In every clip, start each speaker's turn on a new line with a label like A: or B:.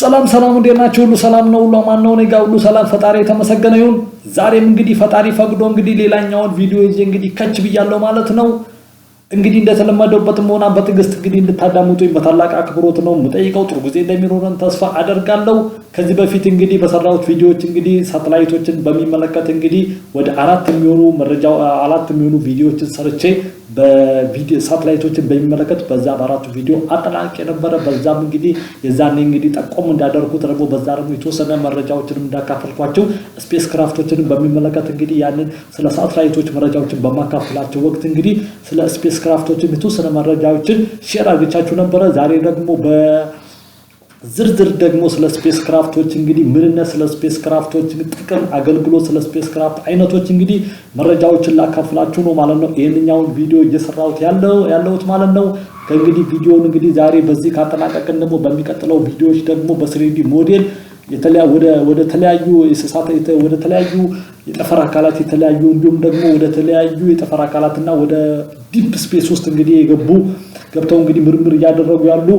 A: ሰላም ሰላም፣ እንዴት ናችሁ? ሁሉ ሰላም ነው፣ ሁሉ አማን ነው። እኔ ጋር ሁሉ ሰላም፣ ፈጣሪ የተመሰገነ ይሁን። ዛሬም እንግዲህ ፈጣሪ ፈቅዶ እንግዲህ ሌላኛውን ቪዲዮ ይዤ እንግዲህ ከች ብያለሁ ማለት ነው። እንግዲህ እንደተለመደውበት መሆና በትዕግስት እንግዲህ እንድታዳምጡኝ በታላቅ አክብሮት ነው የምጠይቀው። ጥሩ ጊዜ እንደሚኖረን ተስፋ አደርጋለሁ። ከዚህ በፊት እንግዲህ በሰራሁት ቪዲዮዎች እንግዲህ ሳተላይቶችን በሚመለከት እንግዲህ ወደ አራት የሚሆኑ መረጃ አራት የሚሆኑ ቪዲዮዎችን ሰርቼ ሳተላይቶችን በሚመለከት በዛ በአራቱ ቪዲዮ አጠናቅ የነበረ በዛም እንግዲህ የዛኔ እንግዲህ ጠቆም እንዳደርጉት ደግሞ በዛ ደግሞ የተወሰነ መረጃዎችንም እንዳካፈልኳቸው ስፔስ ክራፍቶችንም በሚመለከት እንግዲህ ያንን ስለ ሳተላይቶች መረጃዎችን በማካፈላቸው ወቅት እንግዲህ ስለ ስፔስ ስክራፍቶችን የተወሰነ መረጃዎችን ሼር አድርጌቻችሁ ነበረ። ዛሬ ደግሞ በዝርዝር ደግሞ ስለ ስፔስ ክራፍቶች እንግዲህ ምንነት፣ ስለ ስፔስ ክራፍቶች ጥቅም፣ አገልግሎት፣ ስለ ስፔስ ክራፍት አይነቶች እንግዲህ መረጃዎችን ላካፍላችሁ ነው ማለት ነው። ይህንኛውን ቪዲዮ እየሰራሁት ያለሁት ማለት ነው። ከእንግዲህ ቪዲዮውን እንግዲህ ዛሬ በዚህ ካጠናቀቅን ደግሞ በሚቀጥለው ቪዲዮዎች ደግሞ በስሪዲ ሞዴል ወደ ተለያዩ ወደ ተለያዩ የጠፈር አካላት የተለያዩ እንዲሁም ደግሞ ወደ ተለያዩ የጠፈር አካላትና ወደ ዲፕ ስፔስ ውስጥ እንግዲህ የገቡ ገብተው እንግዲህ ምርምር እያደረጉ ያሉ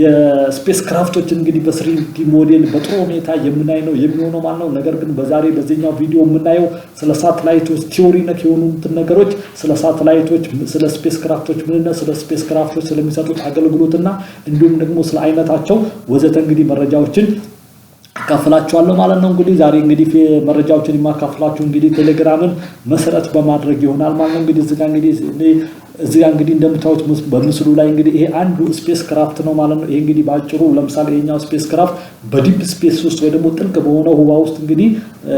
A: የስፔስ ክራፍቶች እንግዲህ በስሪዲ ሞዴል በጥሩ ሁኔታ የምናይ ነው የሚሆነው ማለት ነው። ነገር ግን በዛሬ በዚህኛው ቪዲዮ የምናየው ስለ ሳተላይቶች ቲዮሪ ነክ የሆኑትን ነገሮች ስለ ሳተላይቶች፣ ስለ ስፔስ ክራፍቶች ምንነት፣ ስለ ስፔስ ክራፍቶች ስለሚሰጡት አገልግሎትና እንዲሁም ደግሞ ስለ አይነታቸው ወዘተ እንግዲህ መረጃዎችን አካፍላችኋለሁ ማለት ነው። እንግዲህ ዛሬ እንግዲህ መረጃዎችን የማካፍላችሁ እንግዲህ ቴሌግራምን መሰረት በማድረግ ይሆናል ማለት ነው። እንግዲህ እዚጋ እንግዲህ እዚህ እንግዲህ እንደምታዩት በምስሉ ላይ እንግዲህ ይሄ አንዱ ስፔስ ክራፍት ነው ማለት ነው። ይሄ እንግዲህ በአጭሩ ለምሳሌ ይሄኛው ስፔስ ክራፍት በዲፕ ስፔስ ውስጥ ወይ ደግሞ ጥልቅ በሆነ ህዋ ውስጥ እንግዲህ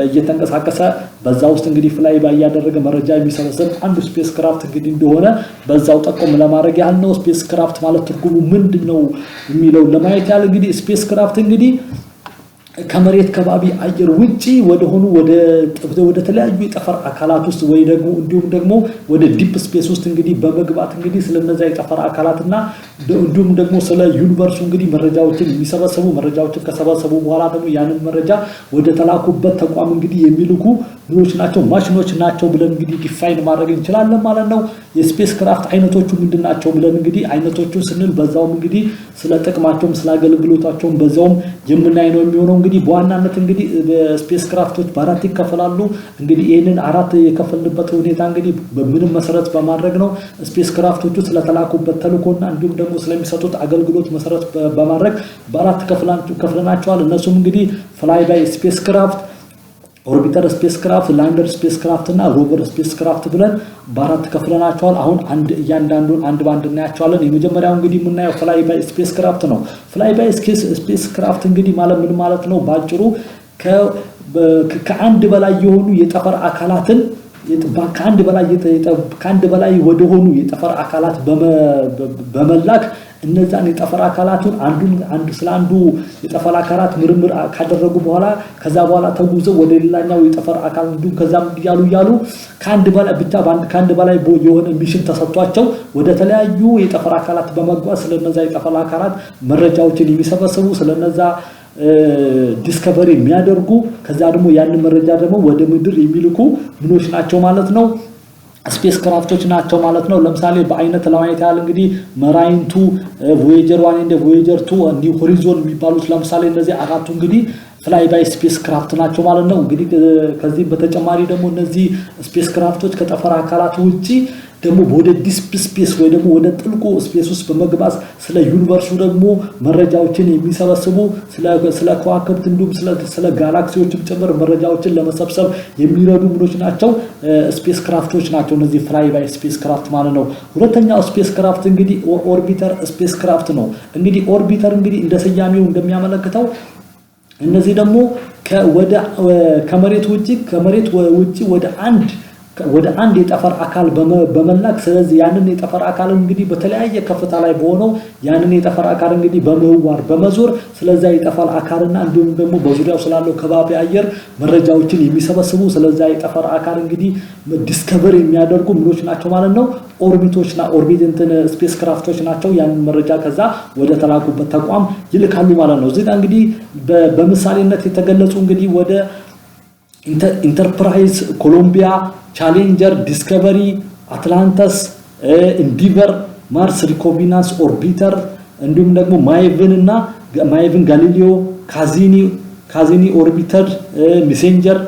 A: እየተንቀሳቀሰ በዛ ውስጥ እንግዲህ ፍላይ ባይ እያደረገ መረጃ የሚሰበሰብ አንዱ ስፔስ ክራፍት እንግዲህ እንደሆነ በዛው ጠቆም ለማድረግ ያህል ነው። ስፔስ ክራፍት ማለት ትርጉሙ ምንድን ነው የሚለው ለማየት ያህል እንግዲህ ስፔስ ክራፍት እንግዲህ ከመሬት ከባቢ አየር ውጪ ወደሆኑ ወደ ተለያዩ የጠፈር አካላት ውስጥ ወይ ደግሞ እንዲሁም ደግሞ ወደ ዲፕ ስፔስ ውስጥ እንግዲህ በመግባት እንግዲህ ስለነዛ የጠፈር አካላትና እንዲሁም ደግሞ ስለ ዩኒቨርሱ እንግዲህ መረጃዎችን የሚሰበሰቡ መረጃዎችን ከሰበሰቡ በኋላ ደግሞ ያንን መረጃ ወደ ተላኩበት ተቋም እንግዲህ የሚልኩ ምኖች ናቸው ማሽኖች ናቸው ብለን እንግዲህ ዲፋይን ማድረግ እንችላለን ማለት ነው። የስፔስ ክራፍት አይነቶቹ ምንድን ናቸው ብለን እንግዲህ አይነቶቹ ስንል በዛውም እንግዲህ ስለ ጥቅማቸውም ስለ አገልግሎታቸውም በዛውም የምናይ ነው የሚሆነው። እንግዲህ በዋናነት እንግዲህ ስፔስ ክራፍቶች በአራት ይከፈላሉ። እንግዲህ ይህንን አራት የከፈልንበት ሁኔታ እንግዲህ በምንም መሰረት በማድረግ ነው። ስፔስ ክራፍቶቹ ስለተላኩበት ተልእኮና እንዲሁም ደግሞ ስለሚሰጡት አገልግሎት መሰረት በማድረግ በአራት ከፍለናቸዋል። እነሱም እንግዲህ ፍላይ ባይ ስፔስ ክራፍት ኦርቢተር ስፔስ ክራፍት፣ ላንደር ስፔስ ክራፍት እና ሮቨር ስፔስ ክራፍት ብለን በአራት ከፍለናቸዋል። አሁን አንድ እያንዳንዱን አንድ በአንድ እናያቸዋለን። የመጀመሪያው እንግዲህ የምናየው ፍላይ ባይ ስፔስ ክራፍት ነው። ፍላይ ባይ ስፔስ ክራፍት እንግዲህ ማለት ምን ማለት ነው? በአጭሩ ከአንድ በላይ የሆኑ የጠፈር አካላትን ከአንድ በላይ ከአንድ በላይ ወደሆኑ የጠፈር አካላት በመላክ እነዛን የጠፈር አካላቱን አንዱን አንዱ ስለ አንዱ የጠፈር አካላት ምርምር ካደረጉ በኋላ ከዛ በኋላ ተጉዘው ወደ ሌላኛው የጠፈር አካል እንዲሁም ከዛም እያሉ እያሉ ከአንድ በላይ ብቻ ከአንድ በላይ የሆነ ሚሽን ተሰጥቷቸው ወደ ተለያዩ የጠፈር አካላት በመጓዝ ስለነዛ የጠፈር አካላት መረጃዎችን የሚሰበስቡ ስለነዛ ዲስከቨሪ የሚያደርጉ ከዛ ደግሞ ያንን መረጃ ደግሞ ወደ ምድር የሚልኩ ምኖች ናቸው ማለት ነው ስፔስ ክራፍቶች ናቸው ማለት ነው። ለምሳሌ በአይነት ለማየት ያህል እንግዲህ መራይንቱ፣ ቮየጀር ዋን እንደ ቮየጀር ቱ፣ ኒው ሆሪዞን የሚባሉት ለምሳሌ እነዚህ አራቱ እንግዲህ ፍላይ ባይ ስፔስ ክራፍት ናቸው ማለት ነው። እንግዲህ ከዚህም በተጨማሪ ደግሞ እነዚህ ስፔስ ክራፍቶች ከጠፈር አካላት ውጭ ደግሞ ወደ ዲስፕ ስፔስ ወይ ደግሞ ወደ ጥልቁ ስፔስ ውስጥ በመግባት ስለ ዩኒቨርሱ ደግሞ መረጃዎችን የሚሰበስቡ ስለ ከዋክብት እንዲሁም ስለ ጋላክሲዎችም ጭምር መረጃዎችን ለመሰብሰብ የሚረዱ ምኖች ናቸው ስፔስ ክራፍቶች ናቸው እነዚህ ፍላይ ባይ ስፔስ ክራፍት ማለት ነው ሁለተኛው ስፔስ ክራፍት እንግዲህ ኦርቢተር ስፔስ ክራፍት ነው እንግዲህ ኦርቢተር እንግዲህ እንደ ስያሜው እንደሚያመለክተው እነዚህ ደግሞ ከመሬት ውጭ ከመሬት ውጭ ወደ አንድ ወደ አንድ የጠፈር አካል በመላክ ስለዚህ ያንን የጠፈር አካል እንግዲህ በተለያየ ከፍታ ላይ በሆነው ያንን የጠፈር አካል እንግዲህ በምህዋር በመዞር ስለዛ የጠፈር አካልና እንዲሁም ደግሞ በዙሪያው ስላለው ከባቢ አየር መረጃዎችን የሚሰበስቡ ስለዛ የጠፈር አካል እንግዲህ ዲስከቨር የሚያደርጉ ምኖች ናቸው ማለት ነው። ኦርቢቶች ኦርቢት እንትን ስፔስ ክራፍቶች ናቸው። ያንን መረጃ ከዛ ወደ ተላኩበት ተቋም ይልካሉ ማለት ነው። እዚጋ እንግዲህ በምሳሌነት የተገለጹ እንግዲህ ወደ ኢንተርፕራይዝ፣ ኮሎምቢያ፣ ቻሌንጀር፣ ዲስከቨሪ፣ አትላንታስ፣ ኢንዲቨር፣ ማርስ ሪኮቪናንስ ኦርቢተር እንዲሁም ደግሞ ማይቭን እና ማይቭን፣ ጋሊሊዮ፣ ካዚኒ ካዚኒ ኦርቢተር፣ ሜሴንጀር፣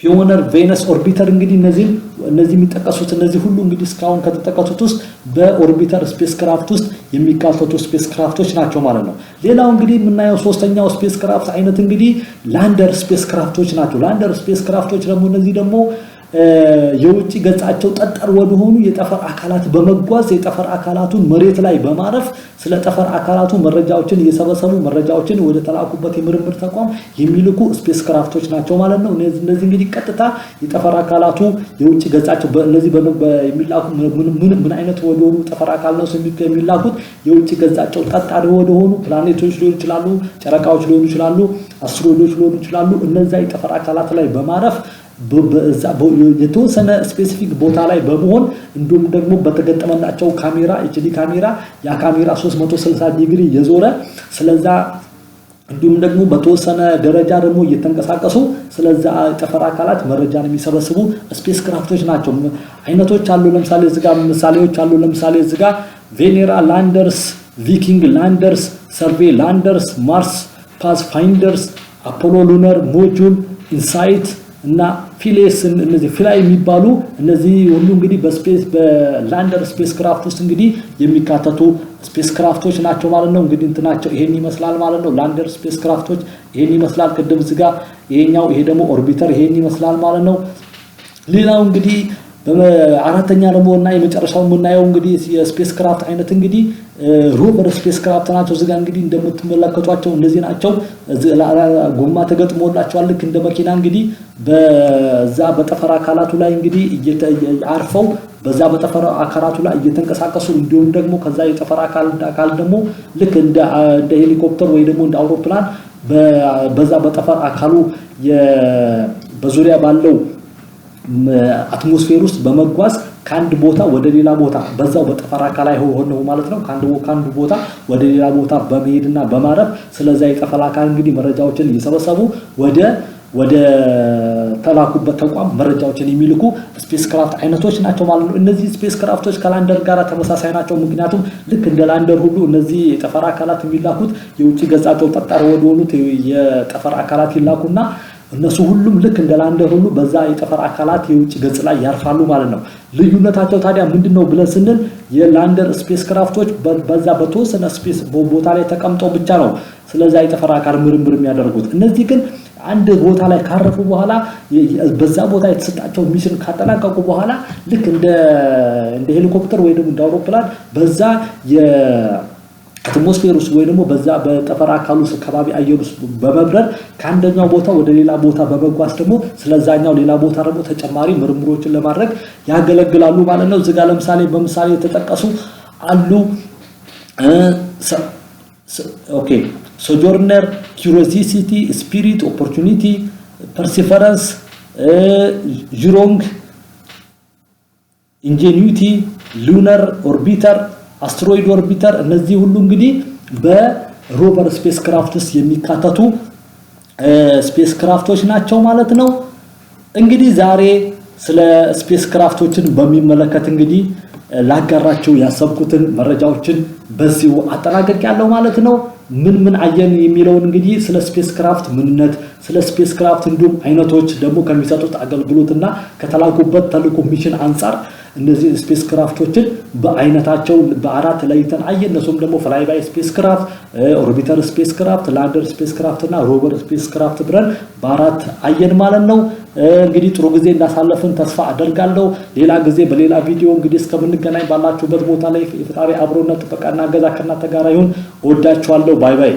A: ፒዮነር፣ ቬነስ ኦርቢተር እንግዲህ እነዚህም እነዚህ የሚጠቀሱት እነዚህ ሁሉ እንግዲህ እስካሁን ከተጠቀሱት ውስጥ በኦርቢተር ስፔስ ክራፍት ውስጥ የሚካተቱ ስፔስ ክራፍቶች ናቸው ማለት ነው። ሌላው እንግዲህ የምናየው ሶስተኛው ስፔስ ክራፍት አይነት እንግዲህ ላንደር ስፔስ ክራፍቶች ናቸው። ላንደር ስፔስ ክራፍቶች ደግሞ እነዚህ ደግሞ የውጭ ገጻቸው ጠጠር ወደሆኑ የጠፈር አካላት በመጓዝ የጠፈር አካላቱን መሬት ላይ በማረፍ ስለ ጠፈር አካላቱ መረጃዎችን እየሰበሰቡ መረጃዎችን ወደ ተላኩበት የምርምር ተቋም የሚልኩ ስፔስ ክራፍቶች ናቸው ማለት ነው። እነዚህ እንግዲህ ቀጥታ የጠፈር አካላቱ የውጭ ገጻቸው እነዚህ የሚላኩ ምን አይነት ወደሆኑ ጠፈር አካል ነው የሚላኩት? የውጭ ገጻቸው ጠጣሪ ወደሆኑ ፕላኔቶች ሊሆኑ ይችላሉ፣ ጨረቃዎች ሊሆኑ ይችላሉ፣ አስትሮይዶች ሊሆኑ ይችላሉ። እነዚያ የጠፈር አካላት ላይ በማረፍ የተወሰነ ስፔሲፊክ ቦታ ላይ በመሆን እንዲሁም ደግሞ በተገጠመላቸው ካሜራ ኤችዲ ካሜራ ያ ካሜራ 360 ዲግሪ የዞረ ስለዛ እንዲሁም ደግሞ በተወሰነ ደረጃ ደግሞ እየተንቀሳቀሱ ስለዛ ጠፈር አካላት መረጃን የሚሰበስቡ ስፔስ ክራፍቶች ናቸው። አይነቶች አሉ። ለምሳሌ እዚጋ ምሳሌዎች አሉ። ለምሳሌ እዚጋ ቬኔራ ላንደርስ፣ ቪኪንግ ላንደርስ፣ ሰርቬ ላንደርስ፣ ማርስ ፓስ ፋይንደርስ፣ አፖሎ ሉነር ሞጁል፣ ኢንሳይት እና ፊሌስን እነዚህ ፊላ የሚባሉ እነዚህ ሁሉ እንግዲህ በስፔስ በላንደር ስፔስ ክራፍት ውስጥ እንግዲህ የሚካተቱ ስፔስ ክራፍቶች ናቸው ማለት ነው። እንግዲህ እንትናቸው ይሄን ይመስላል ማለት ነው። ላንደር ስፔስ ክራፍቶች ይሄን ይመስላል። ቅድም እዚህ ይሄኛው ይሄ ደግሞ ኦርቢተር ይሄን ይመስላል ማለት ነው። ሌላው እንግዲህ አራተኛ ደግሞ እና የመጨረሻው የምናየው እንግዲህ የስፔስ ክራፍት አይነት እንግዲህ ሮቨር ስፔስ ክራፍት ናቸው። እዚጋ እንግዲህ እንደምትመለከቷቸው እንደዚህ ናቸው። ጎማ ተገጥሞላቸዋል። ልክ እንደ መኪና እንግዲህ በዛ በጠፈር አካላቱ ላይ እንግዲህ አርፈው በዛ በጠፈር አካላቱ ላይ እየተንቀሳቀሱ እንዲሁም ደግሞ ከዛ የጠፈር አካል ደግሞ ልክ እንደ ሄሊኮፕተር ወይ ደግሞ እንደ አውሮፕላን በዛ በጠፈር አካሉ በዙሪያ ባለው አትሞስፌር ውስጥ በመጓዝ ከአንድ ቦታ ወደ ሌላ ቦታ በዛው በጠፈር አካል ሆነው ማለት ነው። ከአንድ ቦታ ወደ ሌላ ቦታ በመሄድና በማረፍ ስለዛ የጠፈር አካል እንግዲህ መረጃዎችን እየሰበሰቡ ወደ ወደ ተላኩበት ተቋም መረጃዎችን የሚልኩ ስፔስ ክራፍት አይነቶች ናቸው ማለት ነው። እነዚህ ስፔስ ክራፍቶች ከላንደር ጋር ተመሳሳይ ናቸው። ምክንያቱም ልክ እንደ ላንደር ሁሉ እነዚህ የጠፈር አካላት የሚላኩት የውጭ ገጻቸው ጠጣር ወደሆኑት የጠፈር አካላት ይላኩና እነሱ ሁሉም ልክ እንደ ላንደር ሁሉ በዛ የጠፈር አካላት የውጭ ገጽ ላይ ያርፋሉ ማለት ነው። ልዩነታቸው ታዲያ ምንድን ነው ብለን ስንል የላንደር ስፔስ ክራፍቶች በዛ በተወሰነ ስፔስ ቦታ ላይ ተቀምጠው ብቻ ነው ስለዛ የጠፈር አካል ምርምር የሚያደርጉት። እነዚህ ግን አንድ ቦታ ላይ ካረፉ በኋላ በዛ ቦታ የተሰጣቸው ሚሽን ካጠናቀቁ በኋላ ልክ እንደ ሄሊኮፕተር ወይ ደግሞ እንደ አውሮፕላን በዛ አትሞስፌር ውስጥ ወይ ደግሞ በዛ በጠፈር አካሉ ከባቢ አየር ውስጥ በመብረር ከአንደኛው ቦታ ወደ ሌላ ቦታ በመጓዝ ደግሞ ስለዛኛው ሌላ ቦታ ደግሞ ተጨማሪ ምርምሮችን ለማድረግ ያገለግላሉ ማለት ነው። እዚጋ ለምሳሌ በምሳሌ የተጠቀሱ አሉ። ኦኬ ሶጆርነር፣ ኪሪዮሲቲ፣ ስፒሪት፣ ኦፖርቹኒቲ፣ ፐርሲፈረንስ፣ ዥሮንግ፣ ኢንጀኒቲ፣ ሉነር ኦርቢተር አስትሮይድ ኦርቢተር፣ እነዚህ ሁሉ እንግዲህ በሮቨር ስፔስ ክራፍት ውስጥ የሚካተቱ ስፔስ ክራፍቶች ናቸው ማለት ነው። እንግዲህ ዛሬ ስለ ስፔስ ክራፍቶችን በሚመለከት እንግዲህ ላጋራችሁ ያሰብኩትን መረጃዎችን በዚሁ አጠናቀቅ ያለው ማለት ነው። ምን ምን አየን የሚለውን እንግዲህ ስለ ስፔስ ክራፍት ምንነት፣ ስለ ስፔስ ክራፍት እንዲሁም አይነቶች ደግሞ ከሚሰጡት አገልግሎትና ከተላኩበት ተልዕኮ ሚሽን አንጻር እነዚህ ስፔስ ክራፍቶችን በአይነታቸው በአራት ለይተን አየ። እነሱም ደግሞ ፍላይ ባይ ስፔስ ክራፍት፣ ኦርቢተር ስፔስ ክራፍት፣ ላንደር ስፔስ ክራፍት እና ሮቨር ስፔስ ክራፍት ብለን በአራት አየን ማለት ነው። እንግዲህ ጥሩ ጊዜ እንዳሳለፍን ተስፋ አደርጋለሁ። ሌላ ጊዜ በሌላ ቪዲዮ እንግዲህ እስከምንገናኝ ባላችሁበት ቦታ ላይ የፈጣሪ አብሮነት ጥበቃና እገዛ ከእናንተ ጋር ይሁን። ወዳችኋለሁ። ባይ ባይ።